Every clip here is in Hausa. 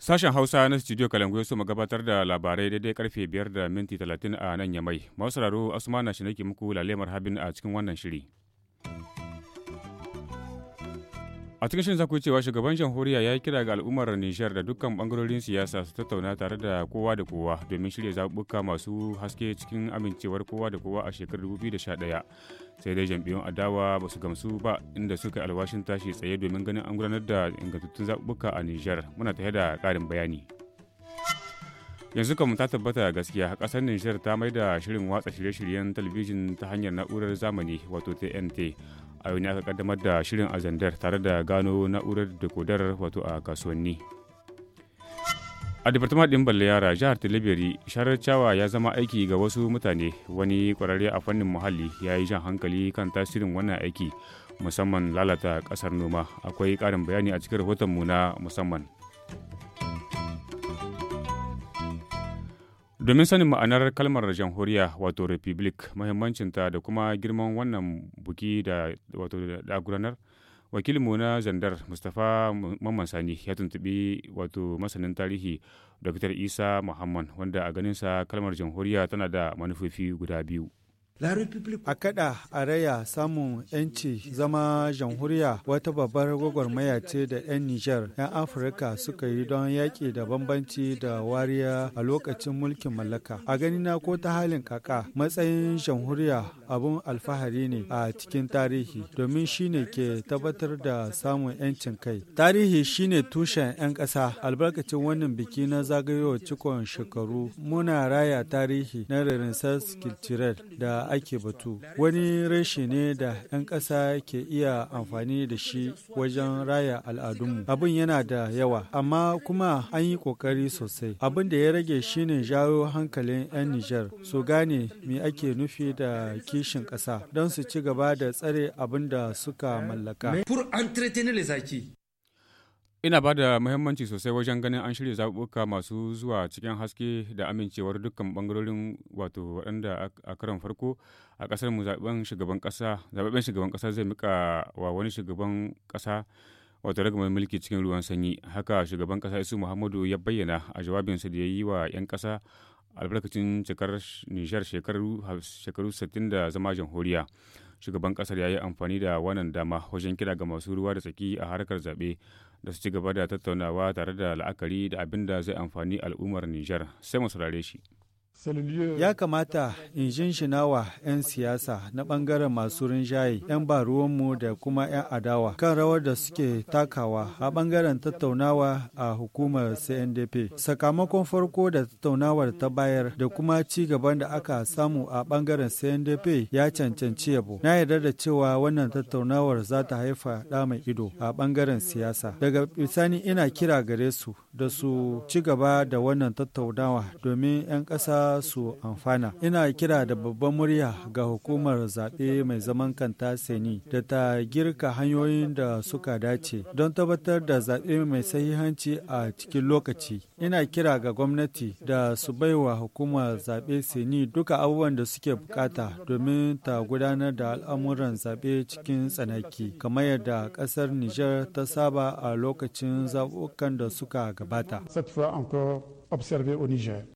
Sashen Hausa na studio Kalangu ya so mu gabatar da labarai daidai karfe 5 da minti 30 a nan yamai. Masu raro Asuma na shi nake muku lalemar habin a cikin wannan shiri. A cikin shirin za cewa shugaban jamhuriya ya yi kira ga al'ummar Nijar da dukkan bangarorin siyasa su tattauna tare da kowa da kowa domin shirya zaɓuɓɓuka masu haske cikin amincewar kowa da kowa a shekarar 2011. Sai dai jam'iyyun adawa ba su gamsu ba inda suka alwashin tashi tsaye domin ganin an gudanar da ingantattun zaɓuɓɓuka a Nijar. Muna tare da ƙarin bayani. yanzu kamun ta tabbata gaskiya kasar nijar ta mai da shirin watsa shirye-shiryen talabijin ta hanyar na'urar zamani wato tnt a yau ne aka kaddamar da shirin a tare da gano na'urar dekodar wato a kasuwanni a departement ɗin balle yara jihar tilibiri sharar cawa ya zama aiki ga wasu mutane wani kwararre a fannin muhalli ya yi jan hankali kan tasirin wannan aiki musamman lalata ƙasar noma akwai ƙarin bayani a cikin rahoton mu na musamman Domin sanin ma'anar kalmar jamhuriya wato republic mahimmancinta da kuma girman wannan buki da wato da gudanar wakilinmu na zandar mustapha mamman sani ya tuntubi wato masanin tarihi dr isa muhammad wanda a ganinsa kalmar jamhuriya tana da manufofi guda biyu A kada a raya samun 'yanci zama jamhuriya wata babbar gwagwarmaya ce da 'yan Nijar 'yan Afirka suka yi don yaƙi da bambanci da wariya a lokacin mulkin mallaka. A ganina ko ta halin kaka matsayin jamhuriya abun alfahari ne a cikin tarihi domin shine ke tabbatar da samun 'yancin kai. Tarihi shine tushen 'yan ƙasa albarkacin wannan biki na zagayowar cikon shekaru muna raya tarihi na da ake batu wani reshe ne da 'yan ƙasa ke iya amfani da shi wajen raya al'adunmu abin yana da yawa amma kuma an yi ƙoƙari sosai abin da ya rage shine jawo hankalin 'yan nijar su gane me ake nufi da kishin ƙasa don su ci gaba da tsare abin da suka mallaka Ina ba da muhimmanci sosai wajen ganin an shirya zaɓuɓɓuka masu zuwa cikin haske da amincewar dukkan ɓangarorin wato waɗanda a karon farko a ƙasar mu zaɓen shugaban ƙasa zaɓaɓɓen shugaban ƙasa zai mika wa wani shugaban ƙasa wato ragamar mulki cikin ruwan sanyi haka shugaban ƙasa isu muhammadu ya bayyana a jawabinsa da ya yi wa 'yan ƙasa albarkacin cikar nishar shekaru sittin da zama jamhuriya shugaban ƙasar ya yi amfani da wannan dama wajen kira ga masu ruwa da tsaki a harkar zaɓe da su ci gaba da tattaunawa tare da la'akari da abin da zai amfani al'ummar Nijar sai mu saurare shi. Ya kamata in shinshina wa 'yan siyasa na ɓangaren masu rinjaye, 'yan ba mu da kuma 'yan adawa kan rawar da suke takawa a ɓangaren tattaunawa a hukumar CNDP. Sakamakon farko da tattaunawar ta bayar da kuma ci gaban da aka samu a ɓangaren CNDP ya cancanci yabo. Na yarda da cewa wannan tattaunawar za ta haifa ɗa mai ido a ɓangaren siyasa. Daga bisani ina kira gare su da su ci gaba da wannan tattaunawa domin 'yan ƙasa su amfana ina kira da babban murya ga hukumar zaɓe mai zaman kanta seni da ta girka hanyoyin da suka dace don tabbatar da zaɓe mai sahihanci a cikin lokaci ina kira ga gwamnati da su baiwa hukumar zaɓe seni duka abubuwan da suke bukata domin ta gudanar da al'amuran zaɓe cikin tsanaki kamar yadda ƙasar niger ta saba a lokacin zaɓukan da suka gabata observé au Niger.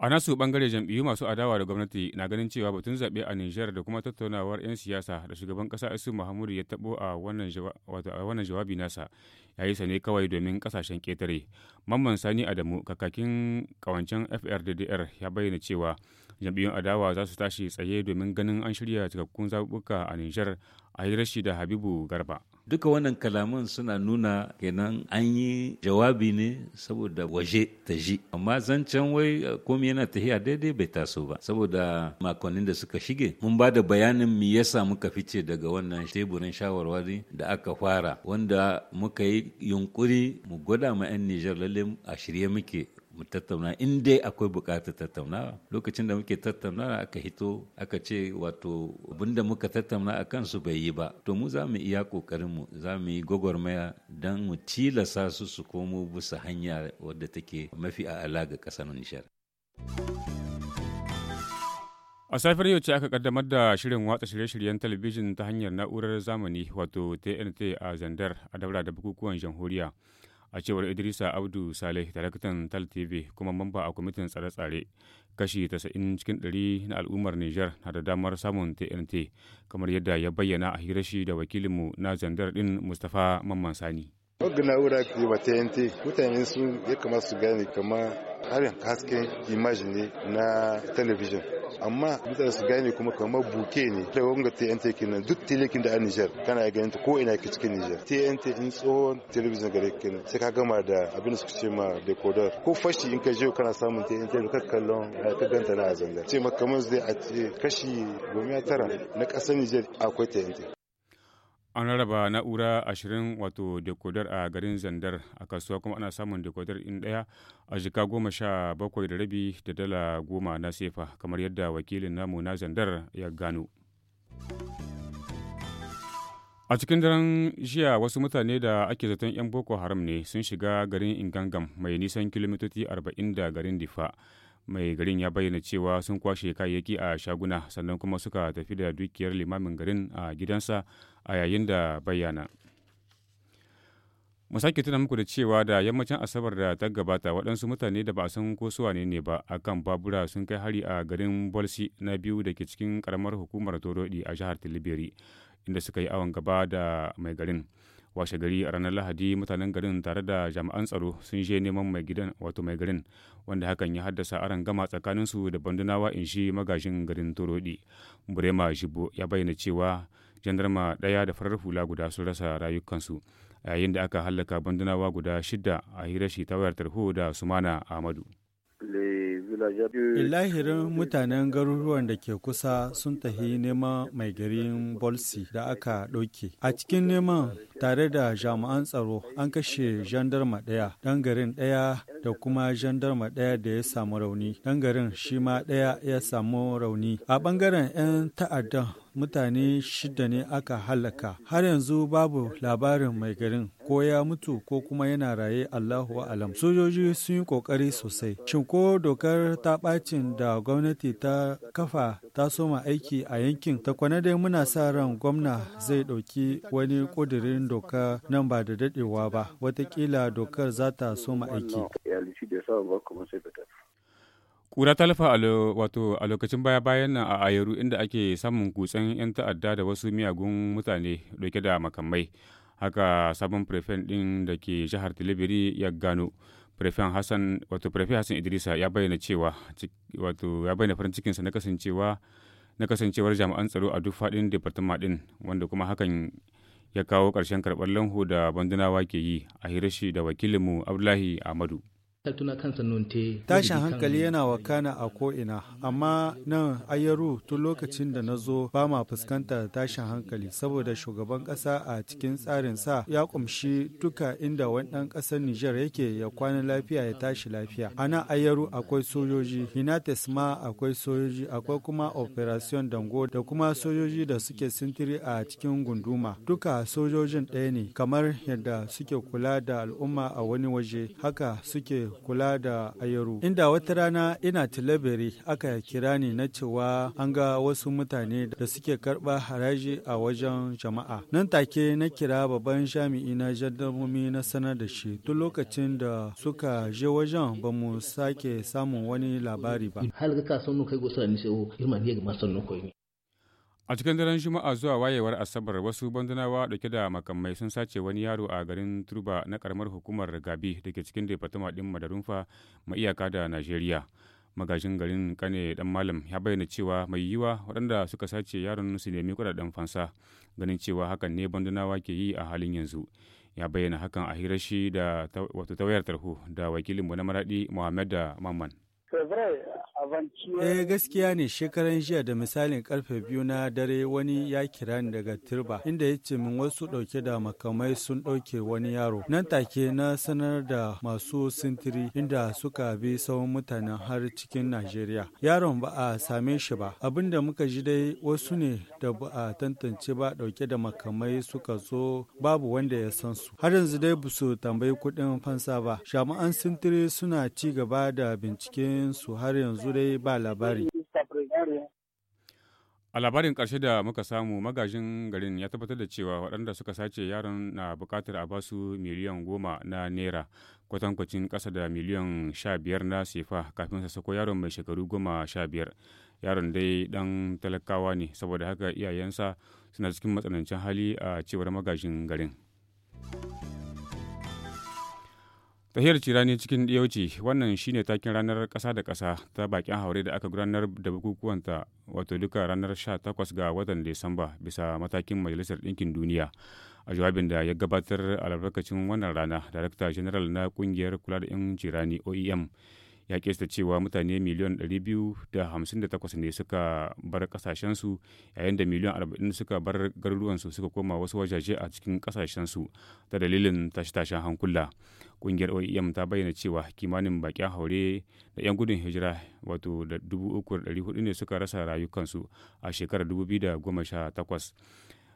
A nasu bangare jam'iyyu masu adawa da gwamnati na ganin cewa batun zaɓe a Nijar da kuma tattaunawar 'yan siyasa da shugaban ƙasa Isu Muhammadu ya taɓo a wannan jawabi nasa ya yi sane kawai domin kasashen ketare mamman sani adamu kakakin kawancen frddr ya bayyana cewa jam'iyyun adawa za su tashi tsaye domin ganin an shirya cikakkun zaɓuɓɓuka a nijar a yi rashi da habibu garba duka wannan kalaman suna nuna kenan an yi jawabi ne saboda waje ta ji amma zancen wai komi yana tafiya daidai bai taso ba saboda makonnin da suka shige mun ba da bayanin me yasa muka fice daga wannan teburin shawarwari da aka fara wanda muka yi yunkuri mu gwada ma 'yan Nijar lalle a shirye muke mu tattauna in dai akwai bukatar tattaunawa lokacin da muke tattauna aka hito aka ce wato abinda muka tattauna a kansu bai yi ba to mu za mu iya kokarin mu za mu yi gwagwarmaya don mu tilasa su su komo bisa hanya wadda take mafi a'ala ga ƙasar nishar. A safiyar yau ce aka kaddamar da shirin watsa shirye-shiryen talabijin ta hanyar na'urar zamani wato TNT a Zandar a daura da bukukuwan jamhuriya. A cewar Idrisa Abdu Saleh, daraktan Tal TV kuma mamba a kwamitin tsare-tsare, kashi 90 cikin 100 na al'ummar Nijar na da damar samun TNT, kamar yadda ya bayyana a hirashi da wakilinmu na Zandar din mustafa Mamman Sani. Ogun na'ura ke wa TNT, mutane sun ya kamata su gane kama harin hasken image ne na telebijin amma mutane su gane kuma kamar buke ne da wanga TNT kenan duk telekin da a Niger kana ganin ta ko ina ke cikin Nijar. TNT in tsohon telebijin gare kenan sai ka gama da abin da suka ce ma decoder ko fashi in ka je kana samun TNT ka kallon eh, ka ganta na zanga ce ma kamar zai a ce kashi goma tara na kasar Niger akwai TNT an raraba na'ura ashirin wato dekodar a garin zandar a kasuwa kuma ana samun dekodar in daya a jika goma sha bakwai da rabi da dala goma na sefa kamar yadda wakilin namu na zandar ya gano a cikin daren jiya wasu mutane da ake zaton 'yan boko haram ne sun shiga garin ingangam mai nisan kilomitoci 40 da garin difa mai garin ya bayyana cewa sun kwashe kayayyaki a shaguna sannan kuma suka tafi da dukiyar limamin garin a gidansa a yayin da bayyana. mu sake tuna muku da cewa da yammacin asabar da ta gabata waɗansu mutane da ba a san ko su ne ba a kan babura sun kai hari a garin bolsi na biyu da ke cikin karamar hukumar torodi a jihar tilibiri inda suka yi awon gaba da mai garin washe gari a ranar lahadi mutanen garin tare da jami'an tsaro sun je neman mai gidan wato mai garin wanda hakan ya haddasa aran gama tsakaninsu da bandunawa in shi magajin garin torodi burema jibo ya bayyana cewa jandarma ɗaya da farar hula guda sun rasa rayukansu yayin da aka hallaka bandunawa guda shida a hirashi ta wayar tarho da sumana ahmadu Lahirin mutanen garuruwan da ke kusa sun tahi neman mai garin Bolsi da aka ɗauke. A cikin neman tare da jami'an tsaro an kashe jandarma ɗaya, ɗan garin ɗaya da kuma jandarma ɗaya da ya samu rauni ɗan garin shi ma ɗaya ya samu rauni a bangaren 'yan ta'addan mutane shida ne aka halaka har yanzu babu labarin mai garin ko ya mutu ko kuma yana raye allahu alam sojoji sun yi kokari sosai shin ko dokar ta bacin da gwamnati ta kafa ta soma aiki a yankin ta kwana dai muna sa ran gwamna zai ɗauki wani ƙudirin doka nan ba da daɗewa ba watakila dokar za ta soma aiki samu kuma sai fitar. kura ta lafa a lokacin baya bayan nan a ayaru inda ake samun kutsen 'yan ta'adda da wasu miyagun mutane dauke da makamai haka sabon prefen din da ke jihar tilibiri ya gano prefen hassan wato prefen hassan idrisa ya bayyana cewa wato ya bayyana farin cikinsa na kasancewa na kasancewar jami'an tsaro a duk faɗin departama din wanda kuma hakan ya kawo ƙarshen karɓar lanho da bandunawa ke yi a hirashi da wakilinmu abdullahi ahmadu Tashin hankali yana wakana a ko'ina, amma nan ayyaru tun lokacin da na zo ba ma fuskanta tashin hankali saboda shugaban ƙasa a cikin tsarin sa ya kumshi duka inda wani ɗan ƙasar Nijar yake ya kwana lafiya ya tashi lafiya. ana nan ayyaru akwai sojoji, Hinates ma akwai sojoji, akwai kuma Operation Dango da kuma sojoji da suke sintiri a cikin gunduma. Duka sojojin ɗaya ne, kamar yadda suke kula da al'umma a wani waje, haka suke kula da ayaru. Inda wata rana ina tilabere aka kira ni na cewa an ga wasu mutane da suke karɓa haraji a wajen jama'a. Nan take na kira babban jami'i na jandarmomi na sanar da shi. duk lokacin da suka je wajen ba mu sake samun wani labari ba. A cikin daren Juma'a zuwa wayewar Asabar wasu bandunawa dauke da makamai sun sace wani yaro a garin Turba na karamar hukumar Gabi da ke cikin departama din Madarunfa mai iyaka da Najeriya. Magajin garin Kane Dan Malam ya bayyana cewa mai yiwa waɗanda suka sace yaron su nemi kuɗaɗen fansa ganin cewa hakan ne bandunawa ke yi a halin yanzu. Ya bayyana hakan a hirar shi da wato tawayar tarho da wakilinmu na Maraɗi Muhammad da Mamman. Eh gaskiya ne shekaran jiya da misalin karfe biyu na dare wani ya kira ni daga turba. inda ya ce min wasu dauke da makamai sun dauke wani yaro. Nan take na sanar da masu sintiri inda suka bi sauran mutanen har cikin Najeriya. Yaron ba a same shi ba. abinda muka ji dai wasu ne da ba a tantance ba dauke da makamai suka zo babu wanda ya san su. Har yanzu dai ba su tambayi kudin fansa ba. Jami'an sintiri suna ci gaba da binciken su har yanzu dai ba labari. A labarin ƙarshe da muka samu magajin garin ya tabbatar da cewa waɗanda suka sace yaron na buƙatar a basu miliyan goma na naira kwatankwacin ƙasa da miliyan sha biyar na sefa kafin sa sako yaron mai shekaru goma sha biyar. Yaron dai ɗan talakawa ne saboda haka iyayensa suna cikin matsanancin hali a cewar magajin garin. tsahiyar cirani cikin ɗiyauci wannan shine takin ranar ƙasa da kasa ta bakin haure da aka gudanar da bukukuwanta wato duka ranar 18 ga watan Disamba bisa matakin Majalisar Ɗinkin Duniya. A jawabin da ya gabatar albarkacin wannan rana, Darakta General na ƙungiyar kula da 'yan cirani OEM ya kesta cewa mutane miliyan 258 ne suka bar kasashensu yayin da miliyan 40 suka bar garuruwansu suka koma wasu wajaje a cikin kasashensu ta dalilin tashe-tashen hankula kungiyar oem ta bayyana cewa kimanin bakin haure da 'yan gudun hijira wato da 3,400 ne suka rasa rayukansu a shekarar 2018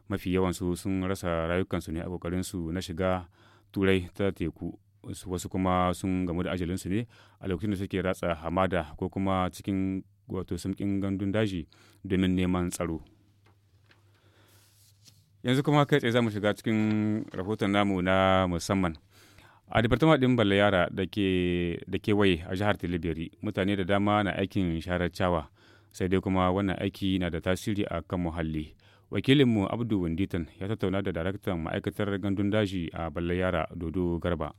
mafi yawansu sun rasa rayukansu ne a kokarinsu na shiga turai ta teku wasu kuma sun gamu da ajalinsu ne a lokacin da suke ratsa hamada ko kuma cikin wato sumkin gandun daji domin neman tsaro yanzu kuma kai tsaye za mu shiga cikin rahoton namu na musamman a departament ɗin balla yara da kewaye a jihar tilibiri mutane da dama na aikin sharar sai dai kuma wannan aiki na da tasiri a kan muhalli wakilinmu abdu winditan ya tattauna da daraktan ma'aikatar gandun daji a balla yara dodo garba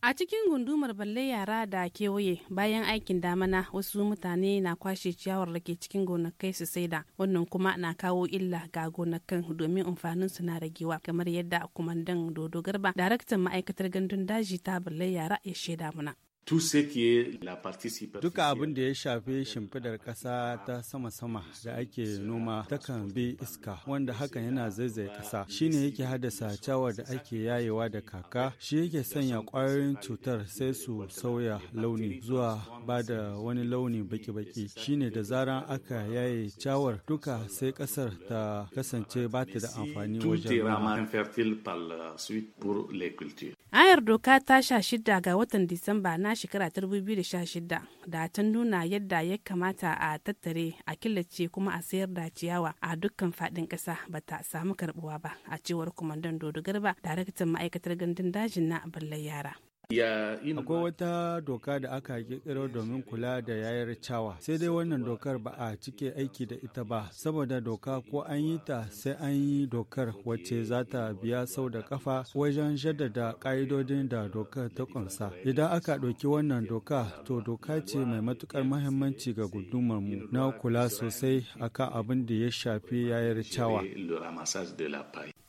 A cikin gundumar balle yara da kewaye bayan aikin damana wasu mutane na kwashe ciyawar da ke cikin gonakai su saida wannan kuma na kawo illa ga gonakan domin amfanin su na ragewa kamar yadda kumandan Dodo Garba daraktan ma'aikatar gandun daji ta balle yara ya shaida muna. la Duka abin da ya shafe shimfidar kasa ta sama-sama da ake noma takan bi iska wanda hakan yana zaizaye kasa shine yake haddasa cawar da ake yayewa da kaka shi yake sanya kwayoyin cutar sai su sauya launi zuwa ba da wani launi baki-baki shine da zaran aka yaye cawar duka sai ƙasar ta kasance ba ta da amfani wajen Ayar doka ta sha shida ga watan Disamba na shekara ta 2016 da ta nuna yadda ya kamata a tattare a killace kuma a sayar da ciyawa a dukkan fadin kasa ba ta samu karbuwa ba a cewar kwamandan dodo garba daraktan ma'aikatar gandun dajin na ballar yara Akwai wata doka da aka kirkiro domin kula da yayar cawa, sai dai wannan dokar ba a cike aiki da ita ba, saboda doka ko an yi ta sai an yi dokar wacce za ta biya sau da kafa wajen jaddada ƙa'idodin da dokar ta ƙunsa. Idan aka ɗauki wannan doka, to doka ce mai matuƙar mahimmanci ga mu na kula sosai akan abin da ya shafi yayar cawa.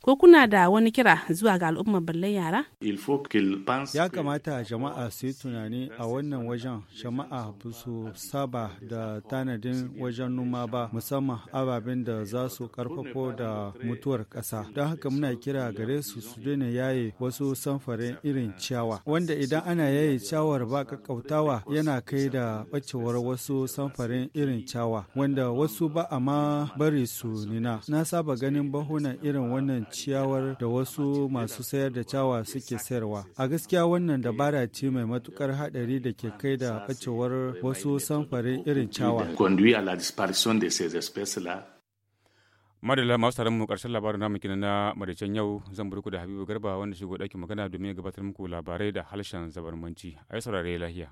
ko kuna da wani kira zuwa ga al'ummar ballan yara? Ya kamata jama'a su yi tunani a wannan wajen jama'a ba su saba da tanadin wajen noma ba musamman ababen da za su karfafo da mutuwar ƙasa. Don haka muna kira gare su su daina yaye wasu samfarin irin ciyawa wanda idan ana yaye ciyawar ba kakkautawa yana kai da ɓacewar wasu samfarin irin ciyawa wanda wasu ba a ma bari su nina. Na saba ganin bahunan irin wannan ciyawar da wasu masu sayar da cawa suke sayarwa. A gaskiya wannan dabara ce mai matukar haɗari da ke kai da ɓacewar wasu samfarin irin ciyawa. madalla masu tare mu karshen labarin namu kenan na maraicen yau zan burku da habibu garba wanda shigo daki magana domin gabatar muku labarai da halshen zabarmanci a saurare lahiya